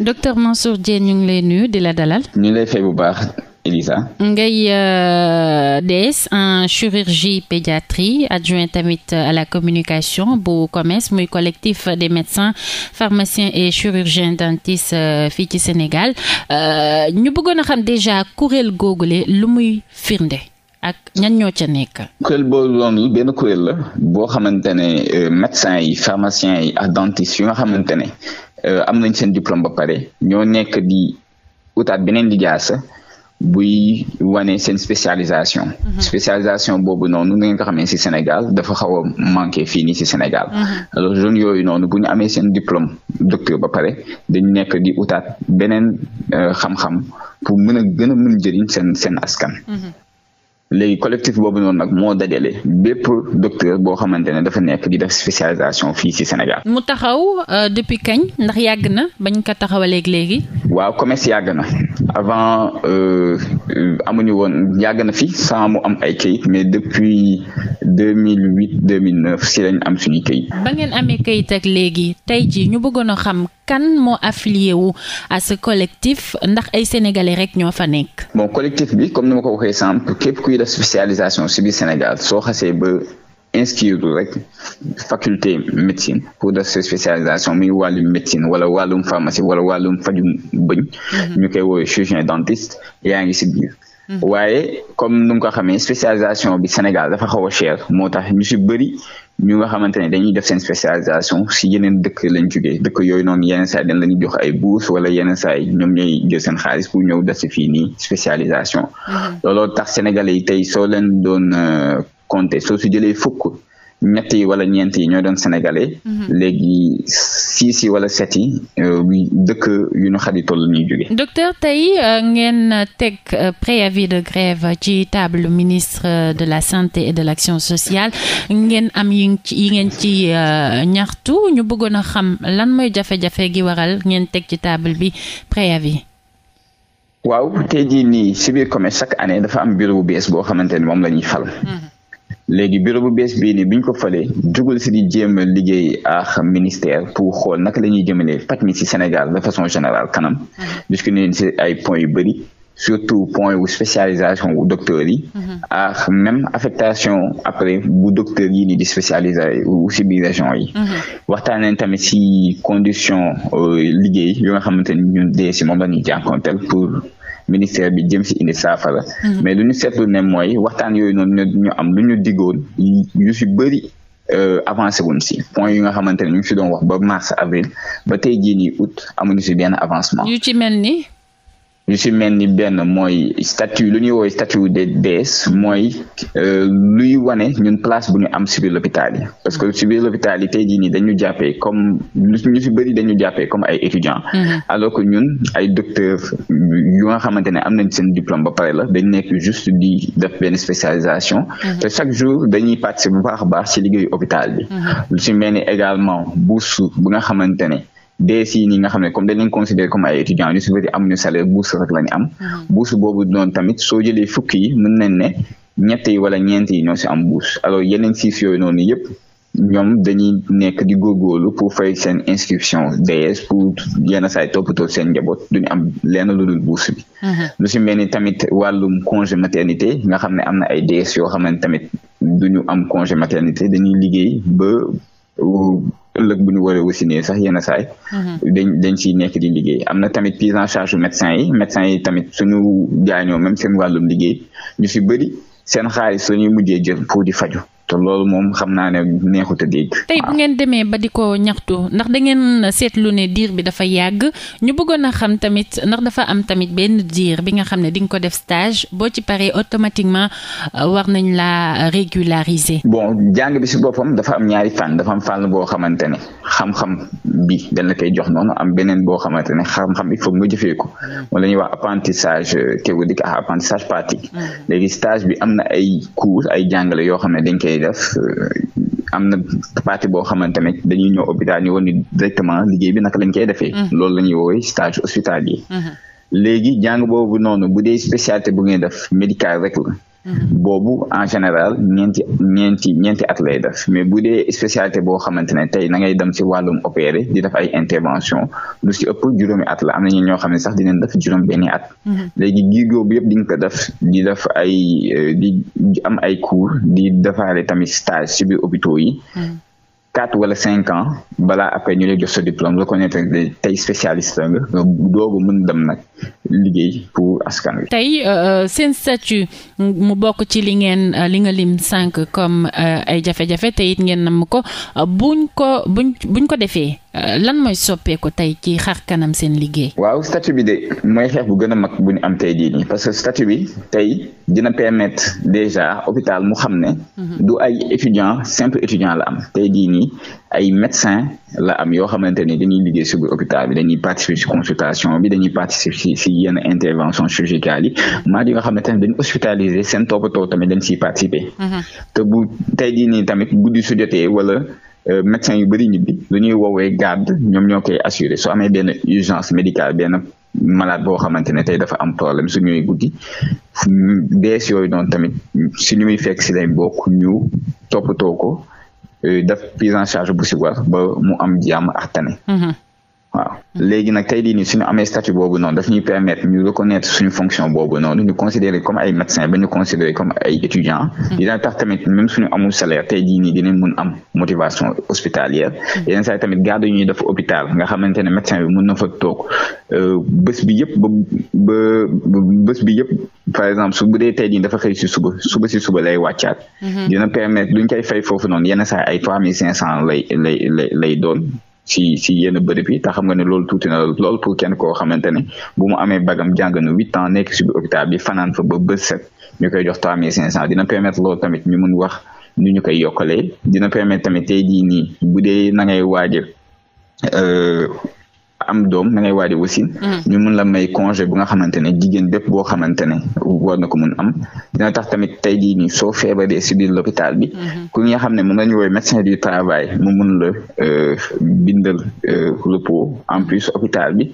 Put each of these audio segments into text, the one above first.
docteur Mansour Diène ñu ngi lay nuyu di la dalal. ñu lay fay bu baax. Elisa. ngay euh, DS en chirurgie pédiatrie adjoint tamit à la communication bu COMES muy collectif des médecins pharmaciens et chirurgiens dentistes euh, fii ci Sénégal euh, ñu bëggoon a xam déjà kuréel googule lu muy firnde ak ñan ñoo ca nekk. kuréel boobu noonu benn kuréel boo xamante ne euh, médecins yi pharmaciens yi ak dentistes yi nga xamante Euh, am nañ seen diplôme ba pare ñoo nekk di utaat beneen lijaasa buy wanee seen spécialisation mm spécialisation boobu noonu nga ngeen ko xamee ci Sénégal dafa xaw a manqué fii nii si Sénégal mm -hmm. yooyu noonu bu ñu amee seen diplôme docteur ba pare dañ nekk di utaat beneen euh, xam-xam pour mun a gën a mun jëriñ seen seen askan mhm. léegi collectif boobu noonu nag moo dajale bépp docteur boo xamante ne dafa nekk di def spécialisation fii si Sénégal. mu taxaw euh, depuis kañ ndax yàgg na bañ ko taxawalee léegi. waaw commerce yàgg na avant. Euh, Euh, amuñu woon yàgg na fi sans mu am ay kayit mais depuis deux mille huit deux mille neuf si lañ am suñuy kayit. ba ngeen amee kayit léegi tey jii ñu bëggoon a xam kan moo affilié wu à ce collectif ndax ay sénégalais rek ñoo fa nekk. bon collectif bi comme ni ma ko waxee sànq képp kuy def spécialisation si biir Sénégal soo xasee ba. inscrire rek faculté médecine pour def sa spécialisation muy wàllum médecine wala wàllum pharmacie wala wàllum fajum bëñ mhm. ñu koy woowee chirurgien dentiste yaa ngi si biir mhm. waaye comme nu nga ko xamee spécialisation bi Sénégal dafa xaw a cher moo tax ñu si bëri ñu nga xamante ne dañuy def seen spécialisation si yeneen dëkk lañ jógee dëkk yooyu noonu yeneen saa yi dañ lañuy jox ay bourse wala yeneen saa ñoom ñooy jël seen xaalis pour ñëw def si fii nii spécialisation mhm. looloo compté soo si jëlee fukk ñett yi wala ñeent yi ñoo doon sénégalais. Mhm. léegi six yi wala sept yi euh, dëkk yu ñu xaritool la ñuy jóge docteur tey euh, ngeen teg euh, préavis de grève ci table ministre de la santé et de l'action sociale ngeen am yi ngeen ci ñaxtu ñu bëggoon a xam lan mooy jafe-jafe gi waral ngeen teg ci table bi préavis. waaw tey jii nii si biir commerce chaque année dafa am bureau bu bees boo xamante ni moom la ñuy fal. Mhm. léegi bureau bu bees bii nii bi ko falee jugul si di jéem a liggéey ak ministère pour xool naka la ñuy jëmalee paj mi si Sénégal de façon générale kanam mhm. puisque neen si ay points yu bëri surtout point wu spécialisation wu docteur yi mhm. ak même affectation après bu docteur yi ni di spécialisé wu yi mhm. waxtaan nañ tamit si condition euh, liggéey yu nga xamante ni ñun dee si moom la jànkonteel ministère bi jëm si indi saafara. Mhm. mais lu ñu seetlu ne mooy waxtaan yooyu ñu am lu ñu diggoon yu si bëri euh, avance wuñ si point yu nga xamante ne ñu ngi si doon wax ba mars avril ba tey jii nii août amuñu si benn avancement. yu ci mel ni. lu ci mel ni benn mooy statut lu ñuy woowee statut des déesses mooy euh, luy wane ñun place bu ñu am ci biir yi parce que ci biir l'hôpital yi tey jii nii dañu jàppee comme ñu ci dañu jàppee comme ay étudiants mm-hmm. alors que ñun ay docteurs yu nga xamante ne am nañ seen diplôme ba pare la dañ nekk juste di def benn spécialisation mm-hmm. te jour dañuy participer bu baax a baax ci liggéeyu hôpital bi mm-hmm. lu ci mel ni également bourse bu nga xamante ne des yi ñi nga xam ne comme dañ leen considéré comme ay étudiants ñu si bëri amuñu salaire bourse rek la ñu am. Mhm. bourse boobu noonu tamit soo jëlee fukki yi mën nañ ne ñett yi pour fay seen inscription DES pour yenn saa yi toppatoo seen njaboot duñu am lenn lu dul bourse bi. Mhm. lu si mel ni tamit wàllum congé maternité nga xam ne am na ay DES yoo xam ne tamit duñu am congé maternité dañuy liggéey ba ëllëg bu ñu waree wasinee sax yenn saay mhm. dañ dañ ciy nekk di liggéey am na tamit prise en charge médecin yi médecin yi tamit suñu gaañoo même seen wàllum liggéey ñu si bëri seen xaalis la ñuy mujjee jël pour di faju te loolu moom xam naa ne neexut a dégg. tey bu ngeen demee ba di ko ñaxtu ndax da ngeen seetlu ne diir bi dafa yàgg ñu bëggoon a xam tamit ndax dafa am tamit benn diir bi nga xam ne di ko def stage boo ci paree automatiquement euh, war nañ la régulariser. bon jàng bi si boppam dafa am ñaari fànn dafa am fànn boo xamante ne xam-xam bi dañ koy jox noonu am beneen boo xamante ne xam-xam il faut nga jëfee ko mm. wala ñuy wax apprentissage euh, théorique ak ah, apprentissage pratique mm. léegi stage bi am na ay cours ay jàngale yoo xam ne dañ koy def euh, am na partie boo xamante ne dañuy ñëw hôpital ñu woon ni directement liggéey bi naka lañ koy defee. Mm-hmm. loolu la ñuy woowee stage hospitalier. Mm-hmm. léegi jàng boobu noonu bu dee spécialité bu ngeen def médical rek la. Mm-hmm. boobu en général ñeenti ñeenti ñeenti at lay def mais bu dee spécialité boo xamante ne tey na ngay dem si wàllum opéré di def ay intervention lu ci ëpp juróomi at la am nañu ñoo xam ne sax dinañ def juróom benni at mm-hmm. léegi giir goobu yëpp diñ ko def di def ay euh, di am ay cours di defaale tamit stage si biir hôpitaux yi mm-hmm. quatre wala cinq ans balaa après ñu lay jox sa diplôme reconnaître tey spécialiste nga nga doogu mën dem nag liggéey pour askan wi. tey euh, euh, seen statut mu bokk ci li ngeen euh, li nga lim sànq comme ay jafe-jafe te it ngeen nam ko buñ ko buñ buñ ko defee. Euh, lan mooy soppeeku tey ci xar kanam seen liggéey. waaw statut bi de mooy xeex bu gën a mag bu ñu am tey jii nii parce que statut bi tey dina permettre déjà hôpital mu xam ne. Mhm. du ay étudiant simple étudiant la tey jii nii ay médecin la am yoo xamante ni dañuy liggéey si biir hôpital bi dañuy participer si bi dañuy participer si si yenn intervention chirurgicale yi maa yi nga xamante ni dañu hospitaliser tamit dañ siy participer. Mhm. te bu tey jii nii tamit guddi su jotee wala. Euh, médecin yu bëri ñibbi lu ñuy woowee garde ñoom ñoo koy assuré su amee benn urgence médicale benn malade boo xamante ne tey dafa am problème su ñuy guddi dees yooyu noonu tamit si ñu muy fekk si lañ bokk ñu toppatoo ko euh, def prise en charge bu si ba mu am jàmm ak waaw léegi nag tey jii nii suñu amee statut boobu noonu daf ñuy permettre ñu reconnaître suñu fonction boobu noonu ñu considérer comme ay médecin ba ñu considérer comme ay étudiant mm-hmm. dina tax tamit même suñu amul salaire tey jii nii dinañ mun am motivation hospitalière mm-hmm. yeneen saa tamit garde yu ñuy def hôpital nga xamante ne médecin bi mun na fa toog euh, bés bi yëpp ba ba bës bi yëpp par exemple su bu dee tey jii dafa xëy si suba suba si suba lay wàccaat mm-hmm. dina permettre duñ koy fay foofu noonu yenn saa ay trois mille cinq cent lay lay lay lay doon si si yenn bërëb yi te nga ne loolu tuuti na lool pour kenn koo xamante ne bu mu amee bagam jàng na huit ans nekk si hôpital bi fanaan fa ba bës set ñu koy jox trois mille cinq cent dina permettre loolu tamit ñu mun wax nu ñu koy yokkalee dina permettre tamit tey jii nii bu dee nangay ngay waajal euh, am doom da ngay waaj a mm-hmm. ñu mun la may congé bu nga xamante ne jigéen bépp boo xamante ne war na ko mun am dina tax tamit tey jii nii soo feebaree si biir lopitaal bi mm-hmm. ku nga xam ne moom la ñu woowee médecin du travail mu mun la euh, bindal euh, repos en plus hôpital bi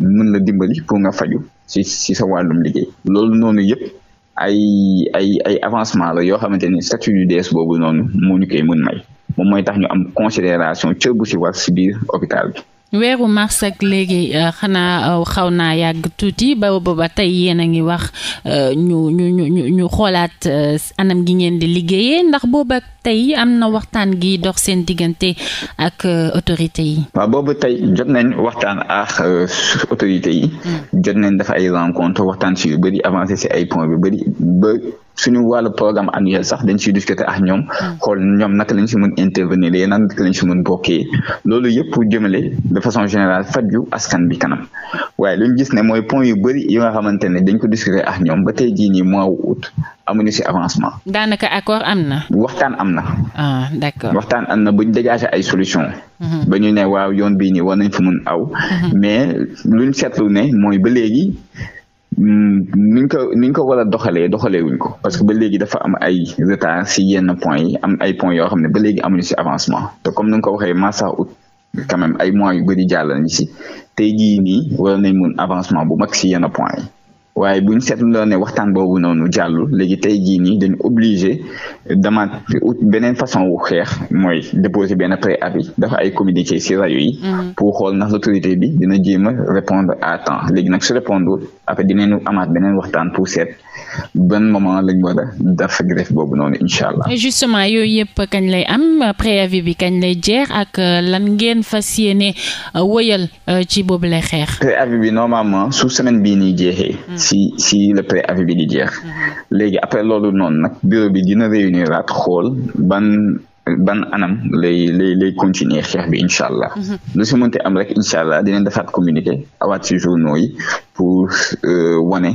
mun la dimbali pour nga faju si si sa wàllum liggéey loolu noonu yëpp ay ay ay avancement la yoo xamante ni statut du DS boobu noonu moo ñu koy mën may moom mooy tax ñu am considération cër bu si war si biir hôpital bi weeru mars ak léegi euh, xanaa euh, xaw naa yàgg tuuti ba booba tey yéen a ngi wax euh, ñu ñu ñu ñu xoolaat anam gi ngeen di liggéeyee ndax booba tey am na waxtaan gi dox seen diggante ak autorité yi. waaw booba tey jot nañ waxtaan ak autorité yi. Mm. jot nañ dafa ay rencontre waxtaan si yu bëri avancé si ay point yu bëri suñu wàllu programme annuel sax dañ ciy discuter ak ñoom mm. xool ñoom naka lañ si mën intervenir yéen naka lañ si mën bokkee loolu yëpp jëmale de façon générale faju askan bi kanam waaye lu ñu gis ne mooy point yu bëri yi nga xamante ne dañ ko discuter ak ñoom ba tey jii nii mois wu août amuñu si avancement. daanaka accord am na. waxtaan am na. ah waxtaan am na buñ dégager ay solution mm-hmm. ba ñu ne waaw yoon bii nii war nañ fa mun aw. Mm-hmm. mais luñ seetlu ne mooy ba léegi. ko ni ñu ko war a doxalee doxalee ko parce que ba léegi dafa am ay retard si yenn point yi am ay points yoo xam ne ba léegi amuñu si avancement te comme ni nga ko waxee mars août ay mois yu bëri jàll nañu si tey jii nii war nañ mun avancement bu mag si yenn point yi waaye bu ñu seetloo ne waxtaan boobu noonu jàll léegi tey jii nii dañu obligé damaat ut beneen façon wu xeex mooy déposer benn préavis dafa ay communiqué si rajo yi. Mm-hmm. pour xool ndax l'autorité bi dina jéem a répondre à temps léegi nag su répondre après dinañu amaat beneen waxtaan pour seet ban moment lañ war a def boobu noonu incha allah. justement yooyu yëpp kañ lay am préavis bi kañ lay jeex ak euh, lan ngeen fas yéene euh, woyal euh, ci boobu lay xeex. préavis bi normalement su semaine bii nii jeexee. Mm. si si le préavis bi di jeex. Mm-hmm. léegi après loolu noonu nag bureau bi dina réunir at xool ban. ban anam lay lay lay continuer xeex bi incha allah. Mm-hmm. lu si mënti am rek incha allah dinañ defaat communiqué awaat si journaux nooy pour euh, wane.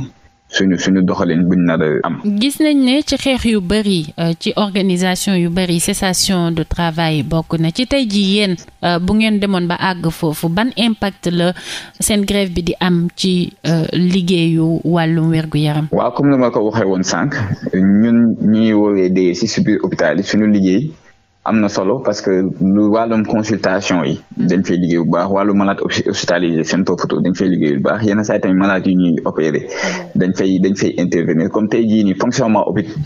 suñu suñu doxalin buñ na a am. gis nañ ne ci xeex yu bëri euh, ci organisation yu bëri cessation de travail bokk na ci tey jii yéen euh, bu ngeen demoon ba àgg foofu ban impact la seen grève bi di am ci euh, liggéeyu wàllum wérgu yaram. waa comme ni ma ko waxee woon sànq ñun ñuy woowee dee si biir hôpital yi suñu liggéey. am na solo parce que lu wàllum consultation yi dañ fay liggéey bu yi tamit malade yu ñuy opéré dañ fay dañ fay intervenir comme tey jii nii fonctionnement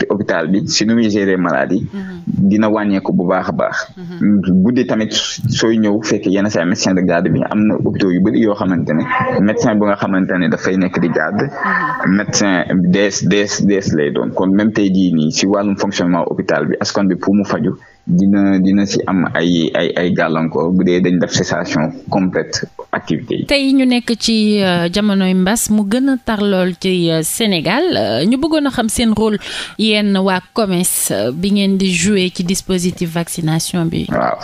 hôpital bi si nu muy gérer mhm. bu baax a baax mhm. guddi tamit sooy ñëw fekk yenn saa yi médecin de garde bi am na hôpitaux yu bëri yoo xamante ne médecin bu nga xamante ne dafay nekk di garde mhm. médecin dees dees dees lay doon kon même tey jii nii si wàllum fonctionnement hôpital bi askan bi pour mu faju dina si am ay ay ay gàllankoor bu dee dañ def cessation complète activité tey ñu nekk ci euh, jamonoy mbas mu gën a tar lool ci euh, Sénégal euh, ñu bëggoon a xam seen rôle yéen waa commerce bi ngeen di jouer ci dispositif vaccination bi. waaw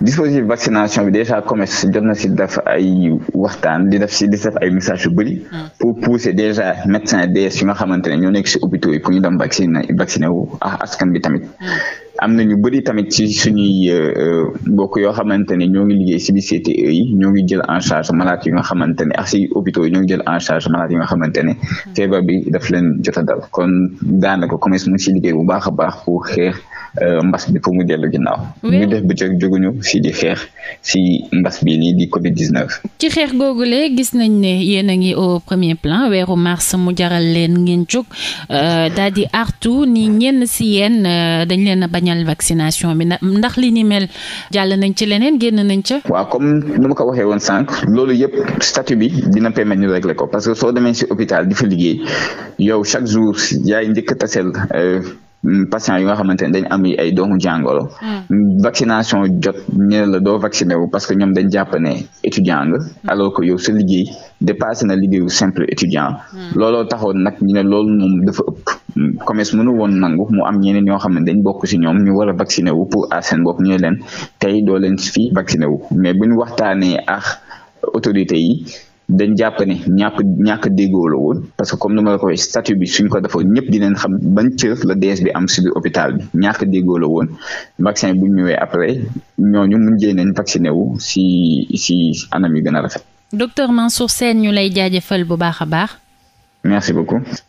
dispositif vaccination bi déjà commerce jot na si def ay waxtaan di def si di def ay messages yu bëri. Hmm. pour pousser déjà médecins yi nga xamante ne ñoo nekk si hôpitaux yi pour ñu dem vacciner vacciner wu ah, askan bi tamit. Hmm. am na ñu bëri tamit ci suñuy euh, mbokk yoo xamante ne ñoo ngi liggéey si biir CTE yi ñoo ngi jël en charge malade yi nga xamante ne ak si hôpitaux yi ñoo ngi jël en charge malade yi nga xamante ne mm-hmm. feebar bi daf leen jot dal kon daanaka commerce mu si liggéey bu baax a baax pour xeex euh, mbas bi pour mu dellu ginnaaw ñu def bëccëg jóguñu si di xeex si mbas bi nii di Covid 19. ci xeex googule gis nañ ne yéen a ngi au premier plan weeru mars mu jaral leen ngeen jóg euh, daal di artu ni ñenn si yéen dañ leen a bañ ndax li ni mel jàll nañ ci leneen génn nañ ca. waaw comme ni ma ko waxee woon sànq loolu yëpp statut bi dina permettre ñu régler ko parce que soo demee si hôpital di fa liggéey yow chaque jour yaay njëkk a taseel euh, patient yi nga xamante ne dañ am ay doomu jàngoro. Hmm. vaccination jot ñu la doo vacciné wu parce que ñoom dañ jàpp ne étudiant nga. Hmm. alors que yow sa liggéey dépassé na liggéeyu simple étudiant. Hmm. looloo taxoon nag ñu ne loolu moom dafa ëpp. commerce mënu woon nangu mu am ñeneen ñoo xam ne dañ bokk si ñoom ñu war a vacciné wu pour aar seen bopp ñu leen tey doo leen fii vacciné wu mais bu ñu waxtaanee ak autorité yi dañ jàpp ne ñàkk ñàkk déggoo la woon parce que comme ni ma ko waxee bi suñ ko defoon ñëpp dinañ xam ban cër la DS bi am si biir hôpital bi ñàkk déggoo woon vaccin bu ñu ñëwee après ñooñu mujjee nañ vacciné wu si si anam yi gën a rafet. docteur Mansour Sène ñu lay jaajëfal bu baax a baax.